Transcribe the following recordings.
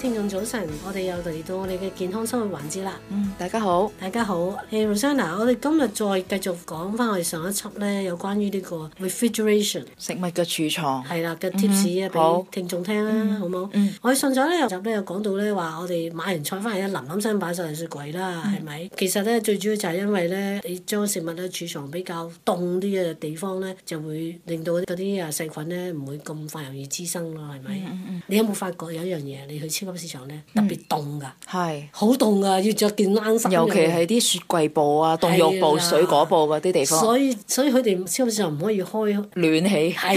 聽眾早晨，我哋又嚟到我哋嘅健康生活環節啦。嗯，大家好，大家好。Hey Rosanna，我哋今日再繼續講翻我哋上一輯咧有關於呢個 refrigeration 食物嘅儲藏係啦嘅 tips 啊，俾聽眾聽啊，好唔好？我哋上一集咧又講到咧話，我哋買完菜翻嚟啊，林林新擺晒喺雪櫃啦，係咪？其實咧最主要就係因為咧，你將食物咧儲藏比較凍啲嘅地方咧，就會令到嗰啲啊細菌咧唔會咁快容易滋生咯，係咪？嗯嗯嗯。你有冇發覺有一樣嘢？你去超？市場咧特別凍噶，係好凍噶，要着件冷衫。尤其係啲雪櫃部啊、凍肉部、水果部嗰啲地方。所以所以佢哋超市唔可以開暖氣，係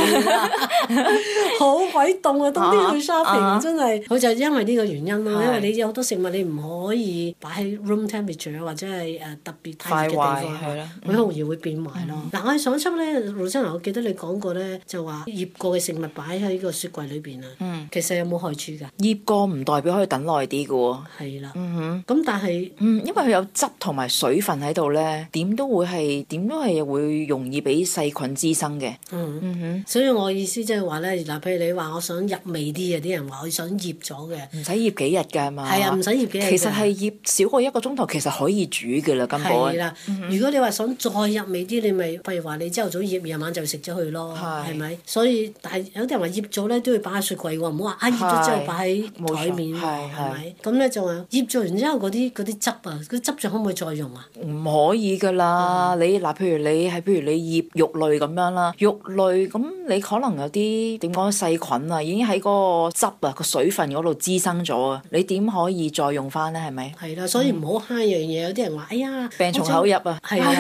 好鬼凍啊！冬天去 shopping 真係，佢就因為呢個原因咯。因為你有好多食物你唔可以擺喺 room temperature 或者係誒特別太熱嘅地方，佢好容易會變壞咯。嗱，我哋上一輯咧，羅生娜，我記得你講過咧，就話醃過嘅食物擺喺呢個雪櫃裏邊啊，嗯，其實有冇害處噶？醃過唔代表可以等耐啲㗎喎。係啦，嗯咁但係、嗯，因為佢有汁同埋水分喺度咧，點都會係，點都係會容易俾細菌滋生嘅、嗯嗯，所以我意思即係話咧，嗱，譬如你話我想入味啲啊，啲人話佢想醃咗嘅，唔使醃幾日噶嘛係啊，唔使醃幾日，其實係醃少過一個鐘頭，其實可以煮㗎啦，根本。係啦、嗯，如果你話想再入味啲，你咪譬如話你朝頭早醃，夜晚就食咗佢咯，係咪？所以，但係有啲人話醃咗咧，都要擺喺雪櫃喎，唔好話啊醃咗之後擺喺係係、啊，咁咧仲有醃做完之後嗰啲啲汁啊，嗰汁仲可唔可以再用啊？唔可以噶啦、嗯，你嗱，譬如你係譬如你醃肉類咁樣啦，肉類咁你可能有啲點講細菌啊，已經喺嗰個汁啊個水分嗰度滋生咗啊，你點可以再用翻咧？係咪？係啦，所以唔好慳樣嘢。有啲人話，哎呀，病從口入啊！係啊，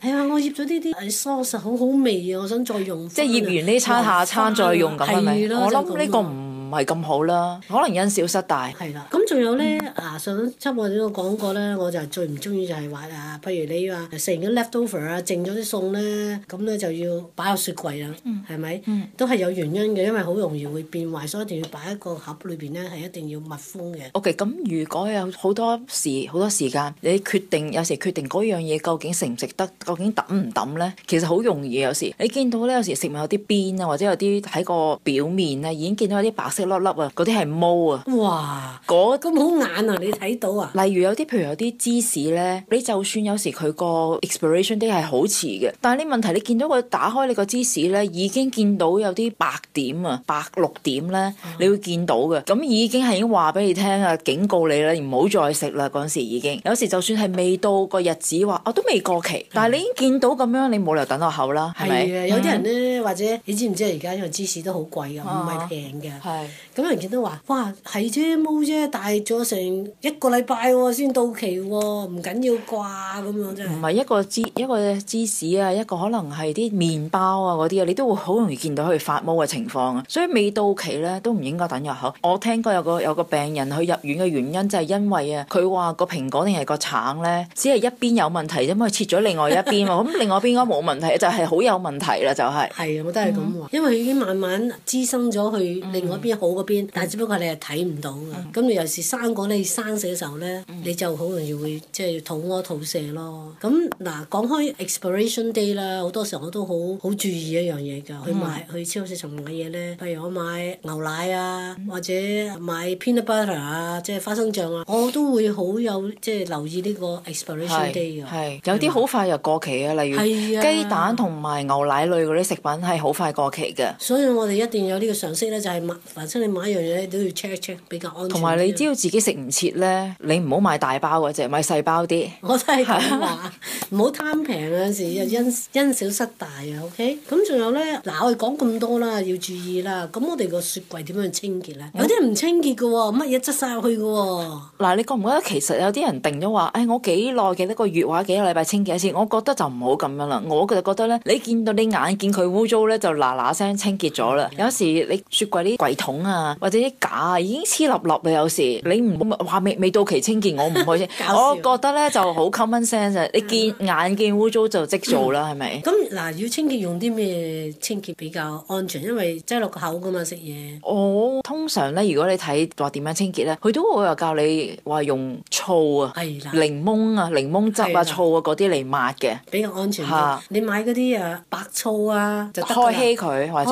啊， 我醃咗呢啲，啲餸實好好味啊，我想再用。即係醃完呢餐下、啊、餐再用咁係咪？我諗呢個唔。唔係咁好啦，可能因小失大。係啦，咁仲有呢、嗯？啊！上一輯我哋都講過呢，我就最唔中意就係話啊，譬如你話食完啲 leftover 啊，剩咗啲餸咧，咁呢就要擺喺雪櫃啦。嗯，係咪、嗯？都係有原因嘅，因為好容易會變壞，所以一定要擺喺個盒裏邊呢，係一定要密封嘅。OK，咁如果有好多時好多時間，你決定有時決定嗰樣嘢究竟食唔食得，究竟抌唔抌呢？其實好容易有時。你見到呢，有時食物有啲邊啊，或者有啲喺個表面咧已經見到有啲白色。粒粒啊，嗰啲係毛啊！哇，嗰都冇眼啊！你睇到啊？例如有啲，譬如有啲芝士咧，你就算有時佢個 expiration date，係好遲嘅，但係你問題，你見到佢打開你個芝士咧，已經見到有啲白點啊、白綠點咧、啊，你會見到嘅。咁已經係已經話俾你聽啊，警告你啦，唔好再食啦！嗰時已經有時就算係未到個日子話，我、啊、都未過期，但係你已經見到咁樣，你冇理由等落口啦，係咪？啊、嗯！有啲人咧，或者你知唔知而家因為芝士都好貴嘅，唔係平嘅。係。咁人見都話，哇，係啫，毛啫，大咗成一個禮拜喎，先到期喎，哦，唔緊要掛咁樣啫，唔係一個芝一個芝士啊，一個可能係啲麵包啊嗰啲啊，你都會好容易見到佢發毛嘅情況啊。所以未到期咧，都唔應該等入口。我聽過有個有個病人去入院嘅原因就係因為啊，佢話個蘋果定係個橙咧，只係一邊有問題，啫，因為切咗另外一邊喎。咁 另外一邊應該冇問題，就係、是，好有問題啦，就係、是。係啊，我都係咁喎，因為已經慢慢滋生咗佢另外一邊、嗯。好嗰邊，但只不過你係睇唔到㗎。咁你有時生果你生食嘅時候咧，你就好容易會即係肚屙、肚瀉咯。咁嗱，講開 expiration day 啦，好多時候我都好好注意一樣嘢㗎。去買、嗯、去超市層買嘢咧，譬如我買牛奶啊，嗯、或者買 peanut butter 啊，即、就、係、是、花生醬啊，我都會好有即係、就是、留意呢個 expiration day 㗎。有啲好快就過期啊，例如、啊、雞蛋同埋牛奶類嗰啲食品係好快過期嘅。所以我哋一定要有呢個常識咧、就是，就係出你買一樣嘢都要 check check 比較安全。同埋你知道自己食唔切咧， 你唔好買大包嘅，就買細包啲。我真係咁話，唔 好貪平啊！有時又因因小失大啊。OK，咁仲有咧，嗱我哋講咁多啦，要注意啦。咁我哋個雪櫃點樣清潔咧、嗯？有啲唔清潔嘅喎、哦，乜嘢執晒去嘅喎、哦。嗱，你覺唔覺得其實有啲人定咗話，誒、哎、我幾耐嘅一個月話幾個禮拜清潔一次？我覺得就唔好咁樣啦。我其實覺得咧，你見到你眼見佢污糟咧，就嗱嗱聲清潔咗啦。有時你雪櫃啲櫃桶。啊，或者啲假啊，已經黐立立啦。有時你唔好話未未到期清潔，我唔開聲。 笑我覺得咧就好 common sense 啊！ 你見眼見污糟就即做啦，係、嗯、咪？咁嗱、嗯，要清潔用啲咩清潔比較安全？因為擠落個口噶嘛，食嘢。我通常咧，如果你睇話點樣清潔咧，佢都會又教你話用醋啊、檸檬啊、檸檬汁啊、醋啊嗰啲嚟抹嘅，比較安全嚇、啊。你買嗰啲啊白醋啊，就開稀佢或者，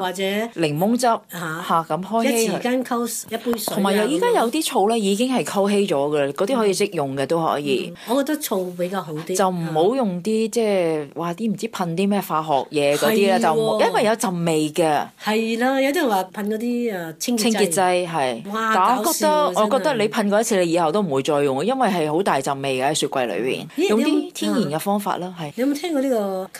或者、啊、檸檬汁嚇。啊咁開一匙羹溝，一杯水，啊。同埋又依家有啲醋咧，草已經係溝稀咗嘅嗰啲可以即用嘅都可以。嗯、我覺得醋比較好啲，就唔好用啲即係話啲唔知噴啲咩化學嘢嗰啲啦，就因為有陣味嘅。係啦，有啲人話噴嗰啲啊清潔劑。清潔劑係，但我覺得我覺得你噴過一次，你以後都唔會再用，因為係好大陣味嘅喺雪櫃裏邊。用啲天然嘅方法啦，係、嗯。你有冇聽過呢個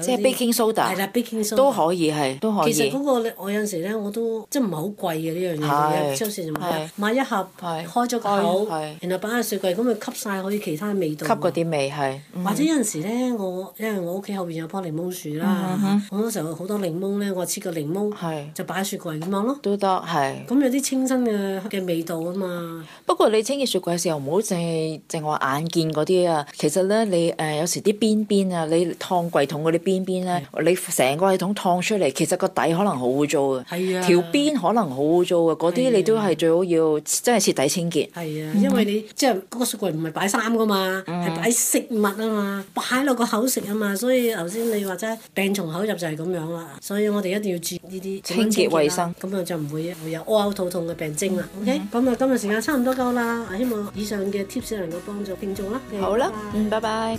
即係 baking soda 都可以係，都可以。其實、嗰個、我有時咧，我都。即唔係好貴嘅呢樣嘢？超市就買一盒，開咗個口，然後擺喺雪櫃，咁咪吸曬啲其他味道。吸嗰啲味係、嗯。或者有陣時咧，我因為我屋企後邊有棵檸檬樹啦、嗯嗯，好多時候好多檸檬咧，我切個檸檬就擺喺雪櫃咁樣咯。都得。係。咁有啲清新嘅嘅味道啊嘛。不過你清潔雪櫃嘅時候唔好淨係淨話眼見嗰啲啊，其實咧你誒、呃、有時啲邊邊啊，你燙櫃桶嗰啲邊邊咧，你成個櫃桶燙出嚟，其實個底可能好污糟嘅。係啊。邊可能好污糟嘅，嗰啲你都係最好要即係徹底清潔。係啊、嗯，因為你即係嗰個雪櫃唔係擺衫噶嘛，係、嗯、擺食物啊嘛，擺落個口食啊嘛，所以頭先你話齋病從口入就係咁樣啦。所以我哋一定要注意呢啲清潔衛、啊、生，咁啊就唔會會有屙嘔肚痛嘅病徵啦、嗯。OK，咁啊今日時間差唔多夠啦，我希望以上嘅 tips 能夠幫助聽眾啦。Okay? 好啦，嗯，拜拜。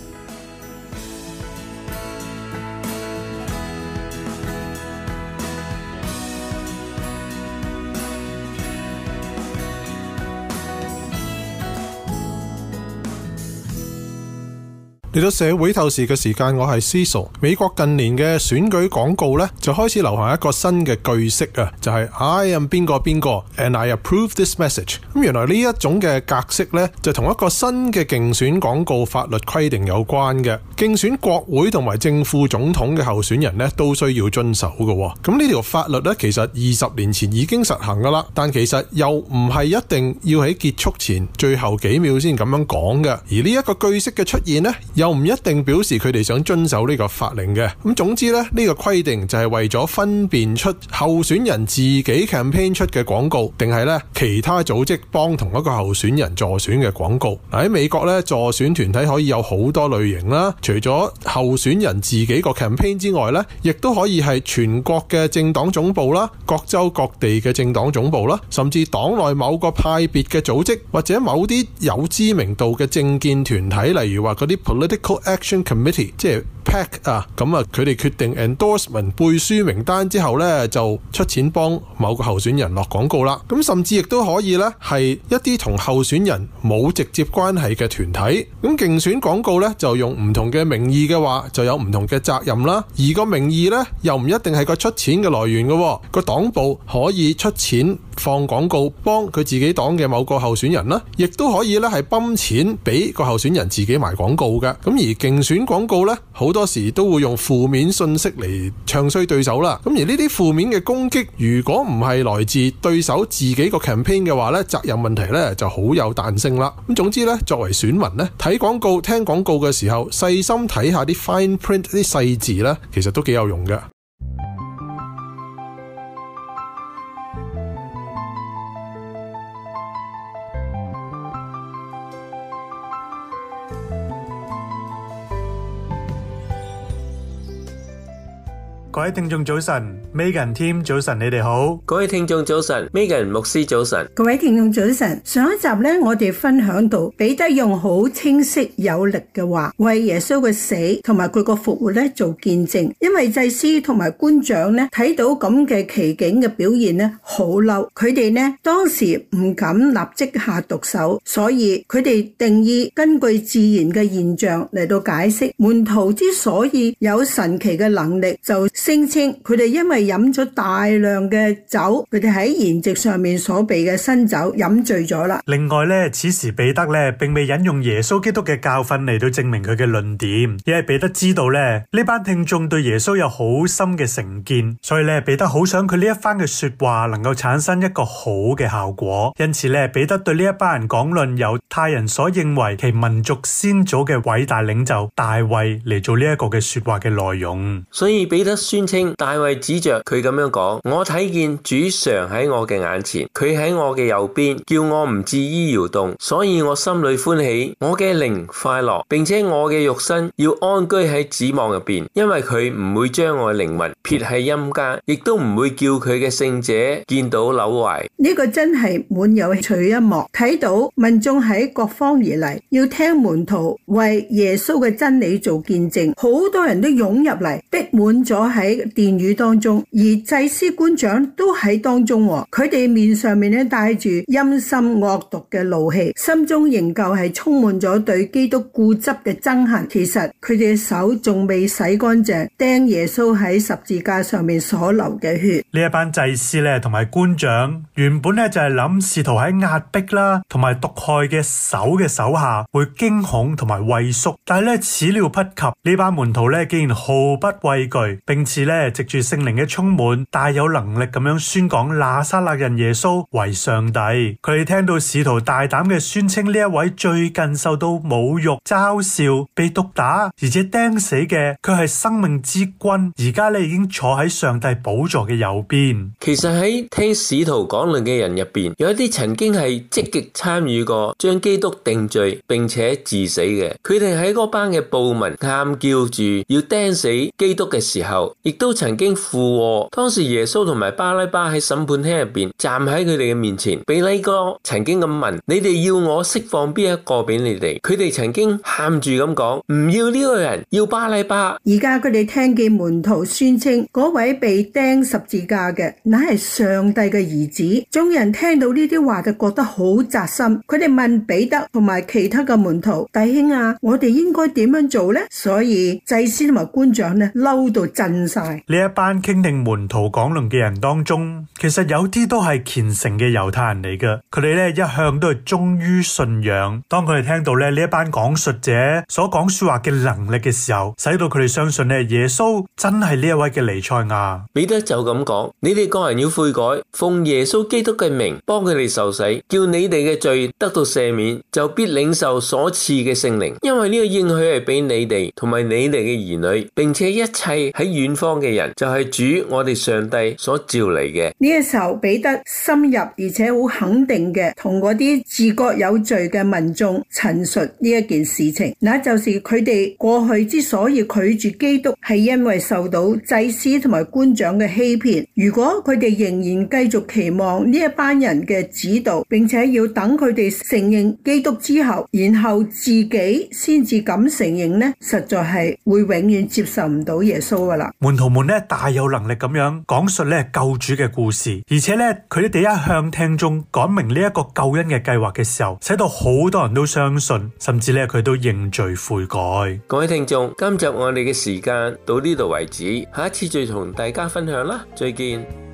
嚟到社會透視嘅時間，我係 Cecil。美國近年嘅選舉廣告咧，就開始流行一個新嘅句式啊，就係、是、I am 邊個邊個，and I approve this message。咁原來呢一種嘅格式咧，就同一個新嘅競選廣告法律規定有關嘅，競選國會同埋正副總統嘅候選人咧，都需要遵守嘅、哦。咁呢條法律咧，其實二十年前已經實行噶啦，但其實又唔係一定要喺結束前最後幾秒先咁樣講嘅，而呢一個句式嘅出現咧，又唔一定表示佢哋想遵守呢個法令嘅。咁總之咧，呢個規定就係為咗分辨出候選人自己 campaign 出嘅廣告，定係咧其他組織幫同一個候選人助選嘅廣告。喺美國咧，助選團體可以有好多類型啦。除咗候選人自己個 campaign 之外咧，亦都可以係全國嘅政黨總部啦、各州各地嘅政黨總部啦，甚至黨內某個派別嘅組織或者某啲有知名度嘅政見團體，例如話嗰啲 political。Action Committee，即係 PAC 啊，咁啊，佢哋決定 endorsement 背書名單之後呢，就出錢幫某個候選人落廣告啦。咁甚至亦都可以呢，係一啲同候選人冇直接關係嘅團體。咁競選廣告呢，就用唔同嘅名義嘅話，就有唔同嘅責任啦。而個名義呢，又唔一定係個出錢嘅來源喎。個黨部可以出錢放廣告幫佢自己黨嘅某個候選人啦，亦都可以呢，係泵錢俾個候選人自己賣廣告嘅。咁而競選廣告呢，好多時都會用負面信息嚟唱衰對手啦。咁而呢啲負面嘅攻擊，如果唔係來自對手自己個 campaign 嘅話呢，責任問題呢，就好有彈性啦。咁總之呢，作為選民呢，睇廣告、聽廣告嘅時候，細心睇下啲 fine print 啲細字呢，其實都幾有用嘅。各位聽眾早晨，Megan Team 早晨，你哋好。各位聽眾早晨，Megan 牧師早晨。各位聽眾早晨。上一集咧，我哋分享到彼得用好清晰有力嘅話，為耶穌嘅死同埋佢個復活咧做見證。因為祭司同埋官長咧睇到咁嘅奇景嘅表現咧，好嬲。佢哋咧當時唔敢立即下毒手，所以佢哋定義根據自然嘅現象嚟到解釋門徒之所以有神奇嘅能力就。聲稱佢哋因為飲咗大量嘅酒，佢哋喺筵席上面所備嘅新酒飲醉咗啦。另外咧，此時彼得咧並未引用耶穌基督嘅教訓嚟到證明佢嘅論點，而係彼得知道咧呢班聽眾對耶穌有好深嘅成見，所以咧彼得好想佢呢一番嘅說話能夠產生一個好嘅效果，因此咧彼得對呢一班人講論猶太人所認為其民族先祖嘅偉大領袖大衛嚟做呢一個嘅說話嘅內容，所以彼得。尊稱大衛指着佢咁樣講：我睇見主常喺我嘅眼前，佢喺我嘅右邊，叫我唔至於搖動，所以我心裏歡喜，我嘅靈快樂，並且我嘅肉身要安居喺指望入邊，因為佢唔會將我嘅靈魂撇喺陰間，亦都唔會叫佢嘅聖者見到朽壞。呢個真係滿有趣一幕，睇到民眾喺各方而嚟，要聽門徒為耶穌嘅真理做見證，好多人都湧入嚟。逼滿咗喺殿宇當中，而祭司官長都喺當中，哦，佢哋面上面咧帶住陰森惡毒嘅怒氣，心中仍舊係充滿咗對基督固執嘅憎恨。其實佢哋手仲未洗乾淨，釘耶穌喺十字架上面所流嘅血。呢一班祭司咧同埋官長原本咧就係諗試圖喺壓迫啦同埋毒害嘅手嘅手下會驚恐同埋畏縮，但係咧始料不及呢班門徒咧竟然毫不畏懼，並且咧藉住聖靈嘅充滿，大有能力咁樣宣講拿撒勒人耶穌為上帝。佢哋聽到使徒大膽嘅宣稱，呢一位最近受到侮辱、嘲笑、被毒打，而且釘死嘅，佢係生命之君，而家咧已經坐喺上帝寶座嘅右邊。其實喺聽使徒講論嘅人入邊，有一啲曾經係積極參與過將基督定罪，並且致死嘅，佢哋喺嗰班嘅暴民喊叫住要釘死基督，基督嘅時候，亦都曾經附和。當時耶穌同埋巴拉巴喺審判廳入邊，站喺佢哋嘅面前。比利哥曾經咁問：「你哋要我釋放邊一個俾你哋？佢哋曾經喊住咁講：「唔要呢個人，要巴拉巴。而家佢哋聽見門徒宣稱，嗰位被釘十字架嘅乃係上帝嘅兒子。眾人聽到呢啲話就覺得好扎心。佢哋問彼得同埋其他嘅門徒：「弟兄啊，我哋應該點樣做呢？」所以祭司同埋官長呢？嬲到震晒呢一班傾聽門徒講論嘅人當中，其實有啲都係虔誠嘅猶太人嚟㗎，佢哋咧一向都係忠於信仰。當佢哋聽到咧呢一班講述者所講說話嘅能力嘅時候，使到佢哋相信咧耶穌真係呢一位嘅彌賽亞。彼得就咁講：你哋各人要悔改，奉耶穌基督嘅名幫佢哋受洗，叫你哋嘅罪得到赦免，就必領受所賜嘅聖靈。因為呢個應許係俾你哋同埋你哋嘅兒女，並且一。一切喺遠方嘅人，就係主我哋上帝所召嚟嘅。呢個時候彼得深入而且好肯定嘅同嗰啲自覺有罪嘅民眾陳述呢一件事情，那就是佢哋過去之所以拒絕基督係因為受到祭司同埋官長嘅欺騙。如果佢哋仍然繼續期望呢一班人嘅指導，並且要等佢哋承認基督之後，然後自己先至咁承認呢，實在係會永遠接受唔到。耶穌噶啦，門徒們咧大有能力咁樣講述咧救主嘅故事，而且咧佢哋第一向聽眾講明呢一個救恩嘅計劃嘅時候，使到好多人都相信，甚至咧佢都認罪悔改。各位聽眾，今集我哋嘅時間到呢度為止，下一次再同大家分享啦，再見。